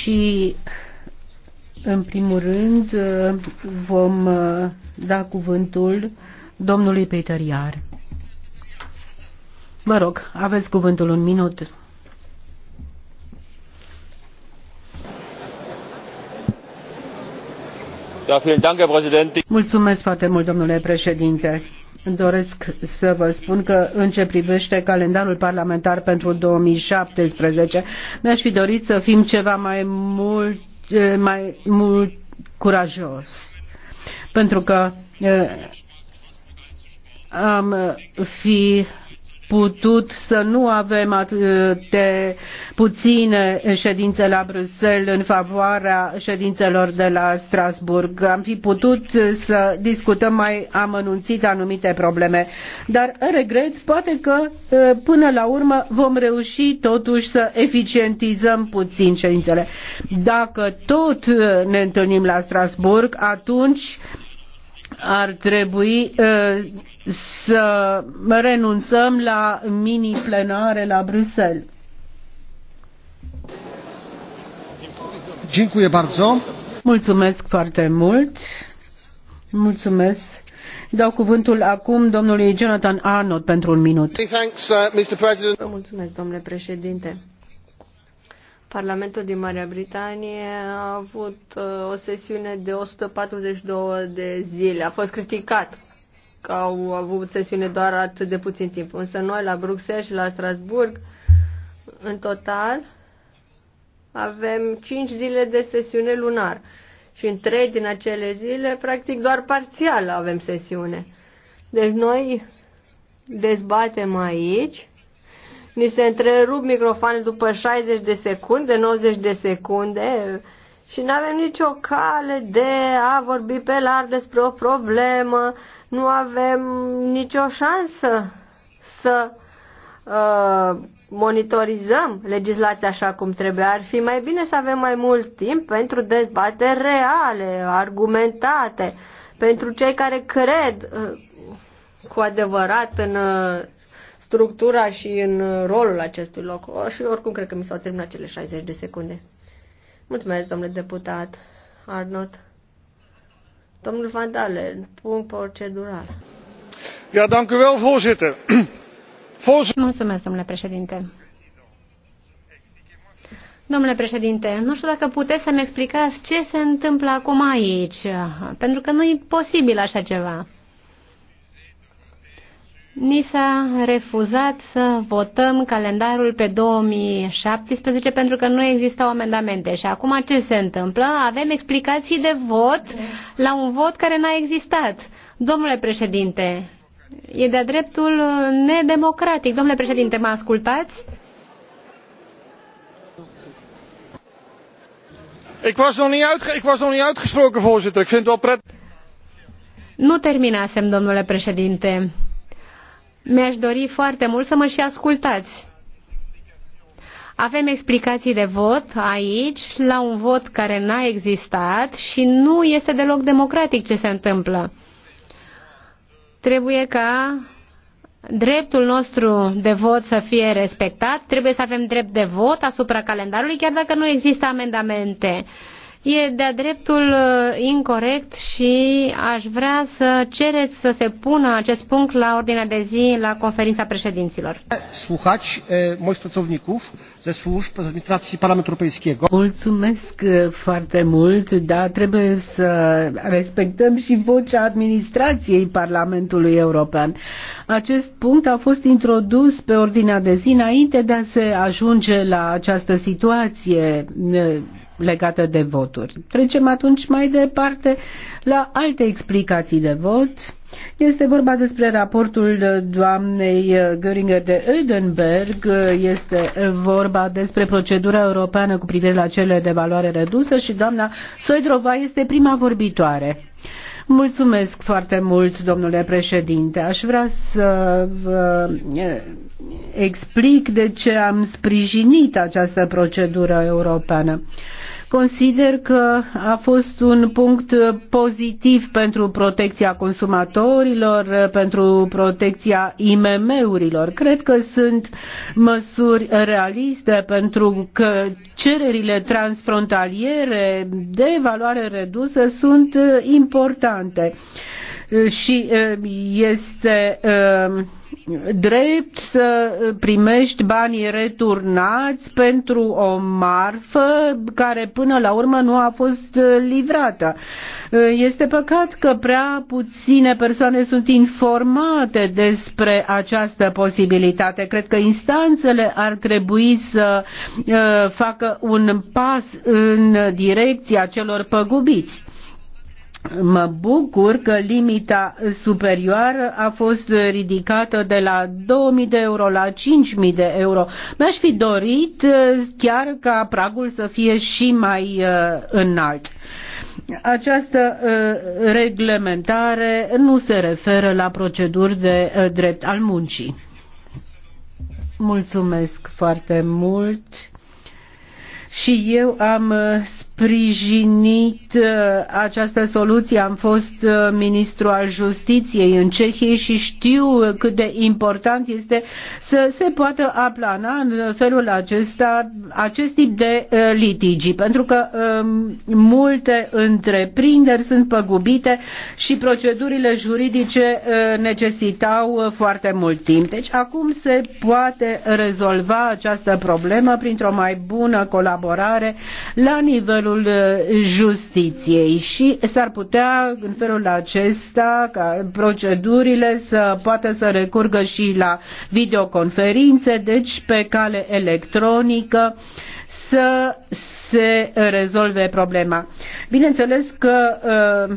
și în primul rând vom uh, da cuvântul domnului Peter Iar. Mă rog, aveți cuvântul un minut. Mulțumesc foarte mult, domnule președinte doresc să vă spun că în ce privește calendarul parlamentar pentru 2017, mi-aș fi dorit să fim ceva mai mult, mai mult curajos. Pentru că eh, am fi putut să nu avem atât de puține ședințe la Bruxelles în favoarea ședințelor de la Strasburg. Am fi putut să discutăm mai amănunțit anumite probleme, dar regret, poate că până la urmă vom reuși totuși să eficientizăm puțin ședințele. Dacă tot ne întâlnim la Strasburg, atunci ar trebui uh, să renunțăm la mini-plenare la Bruxelles. Dziękuję bardzo. Mulțumesc foarte mult. Mulțumesc. Dau cuvântul acum domnului Jonathan Arnold pentru un minut. Uh, mulțumesc, domnule președinte. Parlamentul din Marea Britanie a avut uh, o sesiune de 142 de zile. A fost criticat că au avut sesiune doar atât de puțin timp. Însă noi la Bruxelles și la Strasburg, în total, avem 5 zile de sesiune lunar. Și în 3 din acele zile, practic doar parțial avem sesiune. Deci noi dezbatem aici Ni se întrerup microfoanele după 60 de secunde, 90 de secunde și nu avem nicio cale de a vorbi pe larg despre o problemă, nu avem nicio șansă să uh, monitorizăm legislația așa cum trebuie. Ar fi mai bine să avem mai mult timp pentru dezbateri reale, argumentate, pentru cei care cred uh, cu adevărat în uh, structura și în rolul acestui loc. O, și oricum cred că mi s-au terminat cele 60 de secunde. Mulțumesc, domnule deputat Arnott. Domnul Van Dalen, punct procedural. Ja, dank u wel, voorzitter. Mulțumesc, domnule președinte. Domnule președinte, nu știu dacă puteți să-mi explicați ce se întâmplă acum aici, pentru că nu e posibil așa ceva. Ni s-a refuzat să votăm calendarul pe 2017 pentru că nu existau amendamente. Și acum ce se întâmplă? Avem explicații de vot la un vot care n-a existat. Domnule președinte, e de-a dreptul nedemocratic. Domnule președinte, mă ascultați? Ik was nog niet, ik was nog niet uitgesproken, voorzitter. Ik vind het wel prettig. Nu terminasem, domnule președinte mi-aș dori foarte mult să mă și ascultați. Avem explicații de vot aici, la un vot care n-a existat și nu este deloc democratic ce se întâmplă. Trebuie ca dreptul nostru de vot să fie respectat, trebuie să avem drept de vot asupra calendarului, chiar dacă nu există amendamente. Uh, E de-a dreptul uh, incorrect și aș vrea să cereți să se pună acest punct la ordinea de zi la conferința președinților. Słuchać moich pracowników ze służb administracji Parlamentu Europejskiego. Mulțumesc foarte mult, dar trebuie să respectăm și vocea administrației Parlamentului European. Acest punct a fost introdus pe ordinea de zi înainte de a se ajunge la această situație legată de voturi. Trecem atunci mai departe la alte explicații de vot. Este vorba despre raportul doamnei Göringer de Ödenberg, este vorba despre procedura europeană cu privire la cele de valoare redusă și doamna Soidrova este prima vorbitoare. Mulțumesc foarte mult, domnule președinte. Aș vrea să vă explic de ce am sprijinit această procedură europeană. Consider că a fost un punct pozitiv pentru protecția consumatorilor, pentru protecția IMM-urilor. Cred că sunt măsuri realiste pentru că cererile transfrontaliere de valoare redusă sunt importante și este drept să primești banii returnați pentru o marfă care până la urmă nu a fost livrată. Este păcat că prea puține persoane sunt informate despre această posibilitate. Cred că instanțele ar trebui să facă un pas în direcția celor păgubiți. Mă bucur că limita superioară a fost ridicată de la 2000 de euro la 5000 de euro. Mi-aș fi dorit uh, chiar ca pragul să fie și mai uh, înalt. Această uh, reglementare nu se referă la proceduri de drept al muncii. Mulțumesc foarte mult și eu am uh, sprijinit uh, această soluție. Am fost uh, ministru al justiției în Cehie și știu cât de important este să se poată aplana în felul acesta acest tip de litigi, pentru că um, multe întreprinderi sunt păgubite și procedurile juridice necesitau foarte mult timp. Deci acum se poate rezolva această problemă printr-o mai bună colaborare colaborare la nivelul uh, justiției și s-ar putea în felul acesta ca procedurile să poată să recurgă și la videoconferințe, deci pe cale electronică să se rezolve problema. Bineînțeles că uh,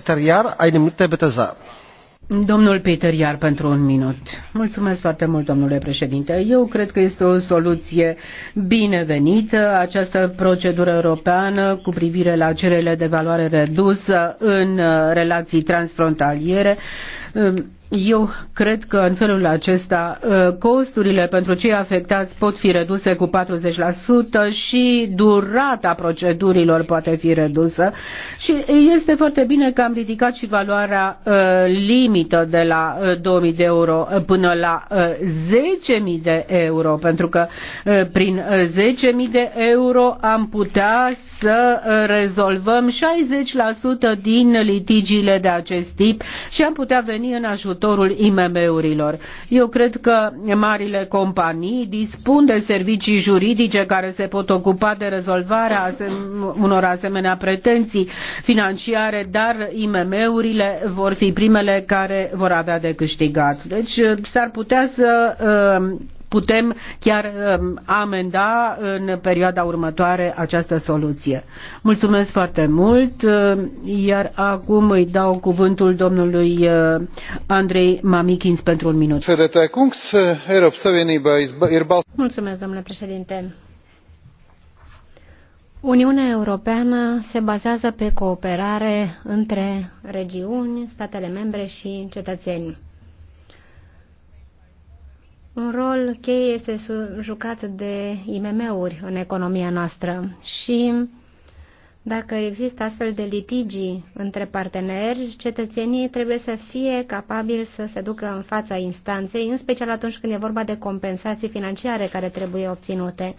Peter Iar, ai minute, Beteza. Domnul Peter Iar pentru un minut. Mulțumesc foarte mult, domnule președinte. Eu cred că este o soluție binevenită, această procedură europeană cu privire la cererile de valoare redusă în uh, relații transfrontaliere um, eu cred că în felul acesta uh, costurile pentru cei afectați pot fi reduse cu 40% și durata procedurilor poate fi redusă și este foarte bine că am ridicat și valoarea uh, limită de la 2000 uh, de euro până la 10.000 de euro pentru că prin 10.000 de euro am putea să rezolvăm 60% din litigiile de acest tip și am putea veni în ajutor ajutorul IMM-urilor. Eu cred că marile companii dispun de servicii juridice care se pot ocupa de rezolvarea unor asemenea pretenții financiare, dar IMM-urile vor fi primele care vor avea de câștigat. Deci s-ar putea să putem chiar um, amenda în perioada următoare această soluție. Mulțumesc foarte mult, uh, iar acum îi dau cuvântul domnului uh, Andrei Mamikins pentru un minut. Mulțumesc, domnule președinte. Uniunea Europeană se bazează pe cooperare între regiuni, statele membre și cetățeni. Un rol cheie este jucat de IMM-uri în economia noastră și dacă există astfel de litigii între parteneri, cetățenii trebuie să fie capabili să se ducă în fața instanței, în special atunci când e vorba de compensații financiare care trebuie obținute.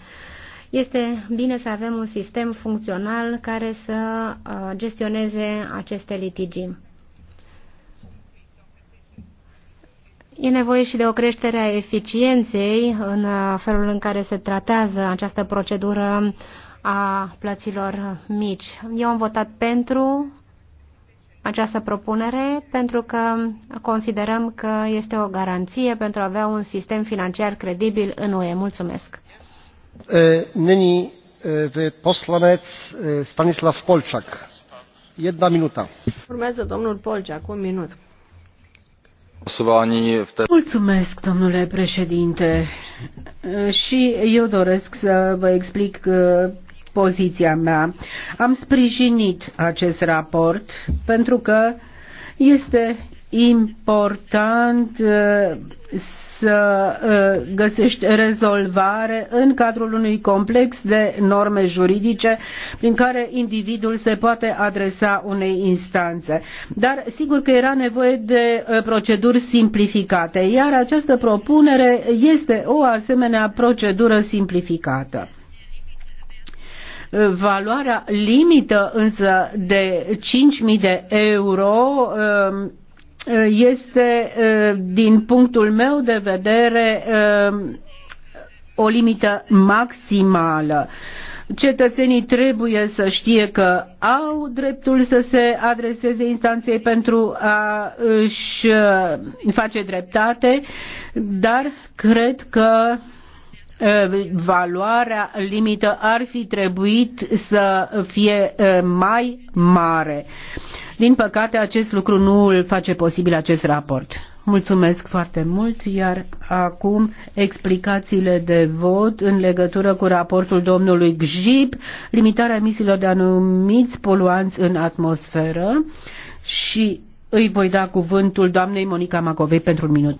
Este bine să avem un sistem funcțional care să uh, gestioneze aceste litigii. E nevoie și de o creștere a eficienței în uh, felul în care se tratează această procedură a plăților mici. Eu am votat pentru această propunere pentru că considerăm că este o garanție pentru a avea un sistem financiar credibil în UE. Mulțumesc. Nyní poslanec Stanislav Polciak. Jedna minuta. Urmează domnul Polciak, un minut Mulțumesc, domnule președinte. Și eu doresc să vă explic uh, poziția mea. Am sprijinit acest raport pentru că este important uh, să uh, găsești rezolvare în cadrul unui complex de norme juridice prin care individul se poate adresa unei instanțe. Dar sigur că era nevoie de uh, proceduri simplificate, iar această propunere este o asemenea procedură simplificată. Valoarea limită însă de 5.000 de euro um, este, uh, din punctul meu de vedere, um, o limită maximală. Cetățenii trebuie să știe că au dreptul să se adreseze instanței pentru a își uh, face dreptate, dar cred că Ă, valoarea limită ar fi trebuit să fie ă, mai mare. Din păcate, acest lucru nu îl face posibil acest raport. Mulțumesc foarte mult, iar acum explicațiile de vot în legătură cu raportul domnului Gjib, limitarea emisiilor de anumiți poluanți în atmosferă și îi voi da cuvântul doamnei Monica Macovei pentru un minut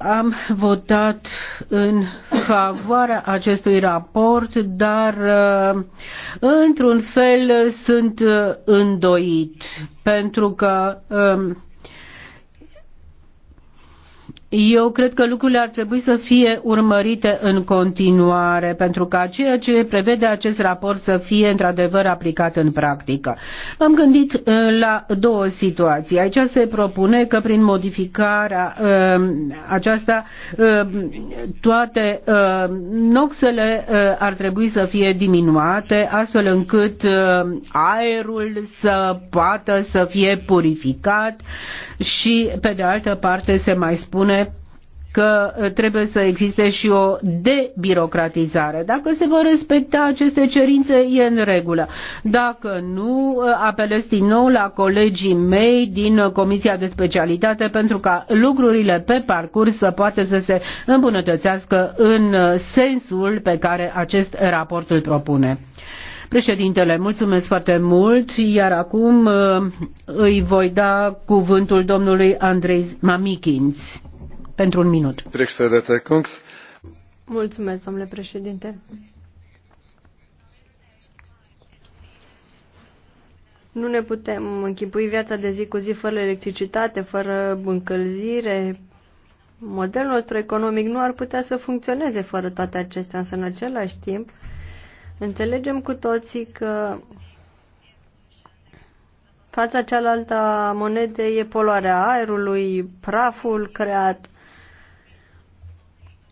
am votat în favoarea acestui raport, dar uh, într-un fel sunt uh, îndoit, pentru că um, eu cred că lucrurile ar trebui să fie urmărite în continuare, pentru ca ceea ce prevede acest raport să fie într-adevăr aplicat în practică. M-am gândit uh, la două situații. Aici se propune că prin modificarea uh, aceasta uh, toate noxele ar trebui să fie diminuate, astfel încât aerul să poată să fie purificat și, pe de altă parte, se mai spune că trebuie să existe și o debirocratizare. Dacă se vor respecta aceste cerințe, e în regulă. Dacă nu, apelez din nou la colegii mei din Comisia de Specialitate pentru ca lucrurile pe parcurs să poată să se îmbunătățească în sensul pe care acest raport îl propune. Președintele, mulțumesc foarte mult, iar acum îi voi da cuvântul domnului Andrei Mamichinț pentru un minut. Mulțumesc, domnule președinte. Nu ne putem închipui viața de zi cu zi fără electricitate, fără încălzire. Modelul nostru economic nu ar putea să funcționeze fără toate acestea, însă în același timp înțelegem cu toții că fața cealaltă a monedei e poluarea aerului, praful creat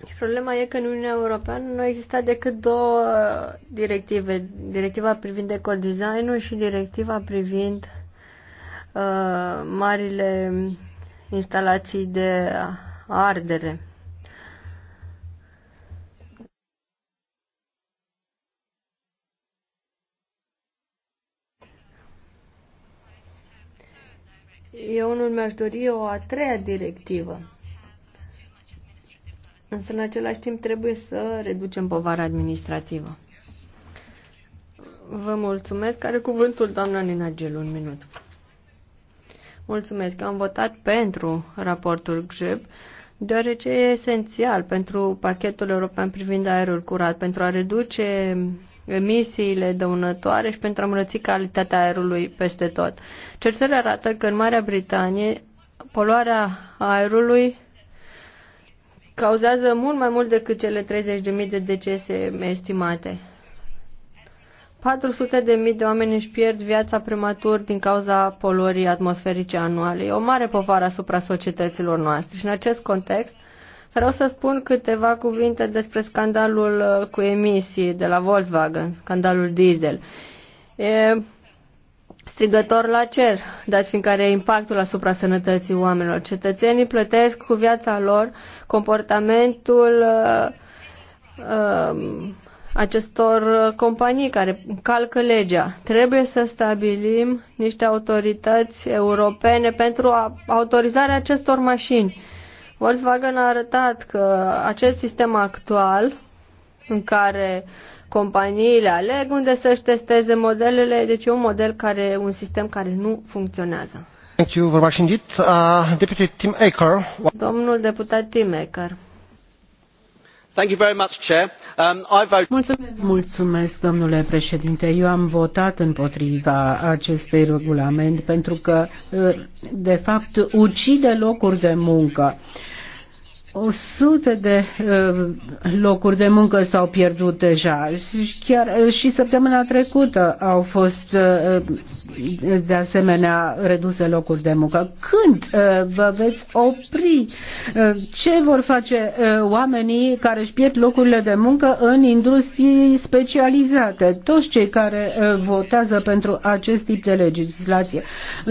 și problema e că în Uniunea Europeană nu exista decât două directive. Directiva privind ecodesign-ul și directiva privind uh, marile instalații de ardere. Eu nu mi-aș dori o a treia directivă. Însă, în același timp, trebuie să reducem povara administrativă. Vă mulțumesc. Are cuvântul doamna Nina Gelu, un minut. Mulțumesc. Am votat pentru raportul GJEB, deoarece e esențial pentru pachetul european privind aerul curat, pentru a reduce emisiile dăunătoare și pentru a îmbunătăți calitatea aerului peste tot. Cercetările arată că în Marea Britanie poluarea aerului cauzează mult mai mult decât cele 30.000 de decese estimate. 400.000 de, de oameni își pierd viața prematur din cauza poluării atmosferice anuale. E o mare povară asupra societăților noastre și în acest context vreau să spun câteva cuvinte despre scandalul cu emisii de la Volkswagen, scandalul diesel. E strigător la cer, dat fiindcă are impactul asupra sănătății oamenilor. Cetățenii plătesc cu viața lor comportamentul uh, uh, acestor companii care calcă legea. Trebuie să stabilim niște autorități europene pentru a, autorizarea acestor mașini. Volkswagen a arătat că acest sistem actual în care uh, companiile aleg unde să-și testeze modelele, deci e un model care, un sistem care nu funcționează. Thank you very much indeed. Uh, Deputy Tim Aker. Domnul deputat Tim Aker. Thank you very much, Chair. Um, I vote... Mulțumesc. Mulțumesc, domnule președinte. Eu am votat împotriva acestui regulament pentru că, uh, de fapt, ucide locuri de muncă. Uh, o sute de uh, locuri de muncă s-au pierdut deja. și Chiar uh, și săptămâna trecută au fost uh, de asemenea reduse locuri de muncă. Când vă veți opri? Ce vor face oamenii care își pierd locurile de muncă în industrii specializate? Toți cei care votează pentru acest tip de legislație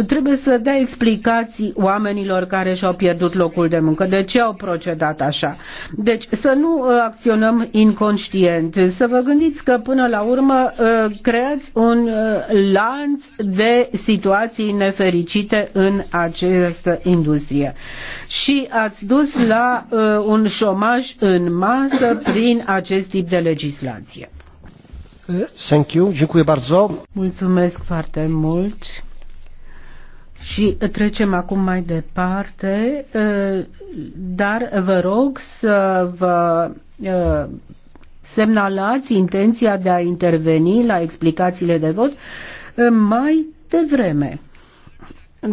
trebuie să dea explicații oamenilor care și-au pierdut locul de muncă. De ce au procedat? procedat așa. Deci să nu uh, acționăm inconștient, să vă gândiți că până la urmă uh, creați un uh, lanț de situații nefericite în această industrie. Și ați dus la un șomaj în masă prin acest tip de legislație. Thank you. Mulțumesc foarte mult. Și trecem acum mai departe, ă, dar vă rog să vă ă, semnalați intenția de a interveni la explicațiile de vot ă, mai devreme.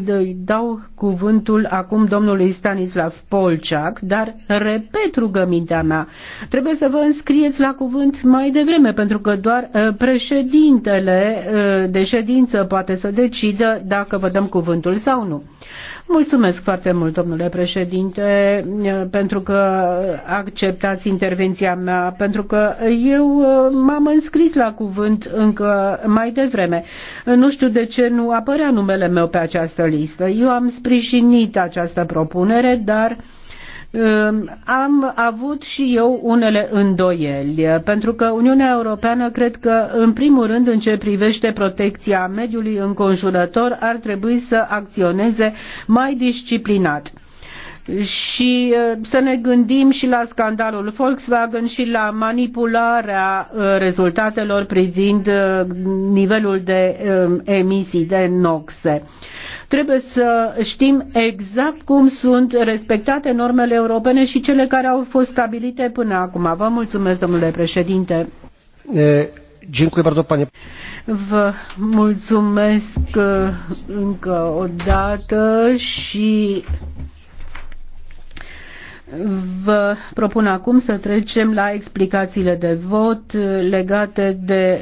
Îi dau cuvântul acum domnului Stanislav Polciac, dar repet rugămintea mea. Trebuie să vă înscrieți la cuvânt mai devreme, pentru că doar uh, președintele uh, de ședință poate să decidă dacă vă dăm cuvântul sau nu. Mulțumesc foarte mult, domnule președinte, pentru că acceptați intervenția mea, pentru că eu uh, m-am înscris la cuvânt încă mai devreme. Nu știu de ce nu apărea numele meu pe această listă. Eu am sprijinit această propunere, dar Ehm, am avut și eu unele îndoieli, pentru că Uniunea Europeană cred că, în primul rând, în ce privește protecția mediului înconjurător, ar trebui să acționeze mai disciplinat și eh, să ne gândim și la scandalul Volkswagen și la manipularea eh, rezultatelor privind eh, nivelul de ehm, emisii de noxe. Trebuie să știm exact cum sunt respectate normele europene și cele care au fost stabilite până acum. Vă mulțumesc, domnule președinte. E... Vă mulțumesc încă o dată și vă propun acum să trecem la explicațiile de vot legate de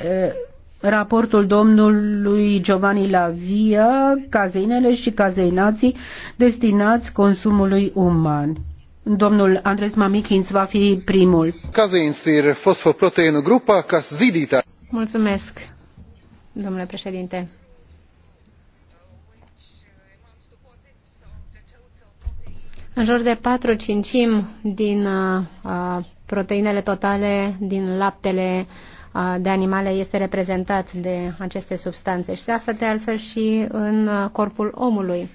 raportul domnului Giovanni Lavia, cazeinele și cazeinații destinați consumului uman. Domnul Andres Mamichins va fi primul. Cazeinsir fosfoprotein grupa ca Mulțumesc, domnule președinte. În jur de 4 cincim din uh, proteinele totale din laptele uh, de animale este reprezentat de aceste substanțe și se află de altfel și în corpul omului.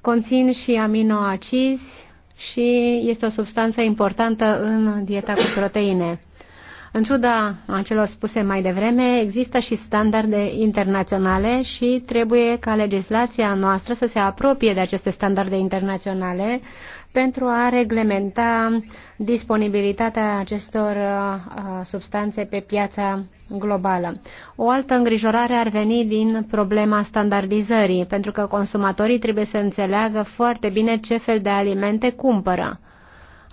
Conțin și aminoacizi și este o substanță importantă în dieta cu proteine. În ciuda celor spuse mai devreme, există și standarde internaționale și trebuie ca legislația noastră să se apropie de aceste standarde internaționale pentru a reglementa disponibilitatea acestor uh, substanțe pe piața globală. O altă îngrijorare ar veni din problema standardizării, pentru că consumatorii trebuie să înțeleagă foarte bine ce fel de alimente cumpără.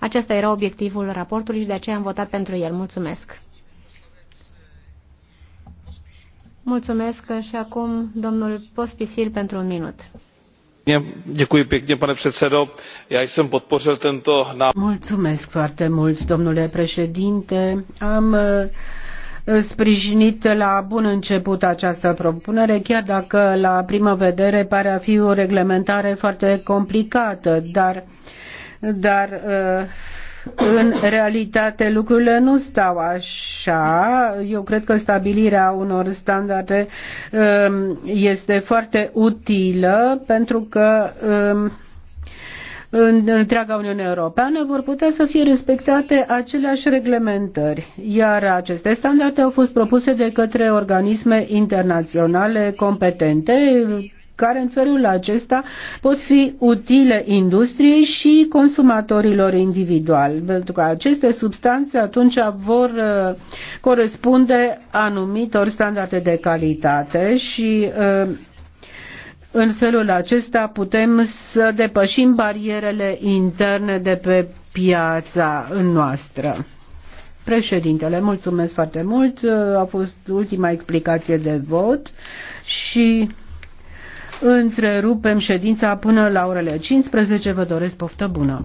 Acesta era obiectivul raportului și de aceea am votat pentru el. Mulțumesc! Mulțumesc și acum domnul Pospisil pentru un minut pane předsedající já jsem podpořil tento návrh. am eh, sprijinit la bun început această propunere, chiar dacă la primă vedere pare a fi o reglementare foarte complicată, dar, dar uh, în realitate lucrurile nu stau așa. Eu cred că stabilirea unor standarde um, este foarte utilă pentru că um, în întreaga Uniune Europeană vor putea să fie respectate aceleași reglementări, iar aceste standarde au fost propuse de către organisme internaționale competente, care în felul acesta pot fi utile industriei și consumatorilor individuali, pentru că aceste substanțe atunci vor uh, corespunde anumitor standarde de calitate și uh, în felul acesta putem să depășim barierele interne de pe piața noastră. Președintele, mulțumesc foarte mult. Uh, a fost ultima explicație de vot și Întrerupem ședința până la orele 15. Vă doresc poftă bună!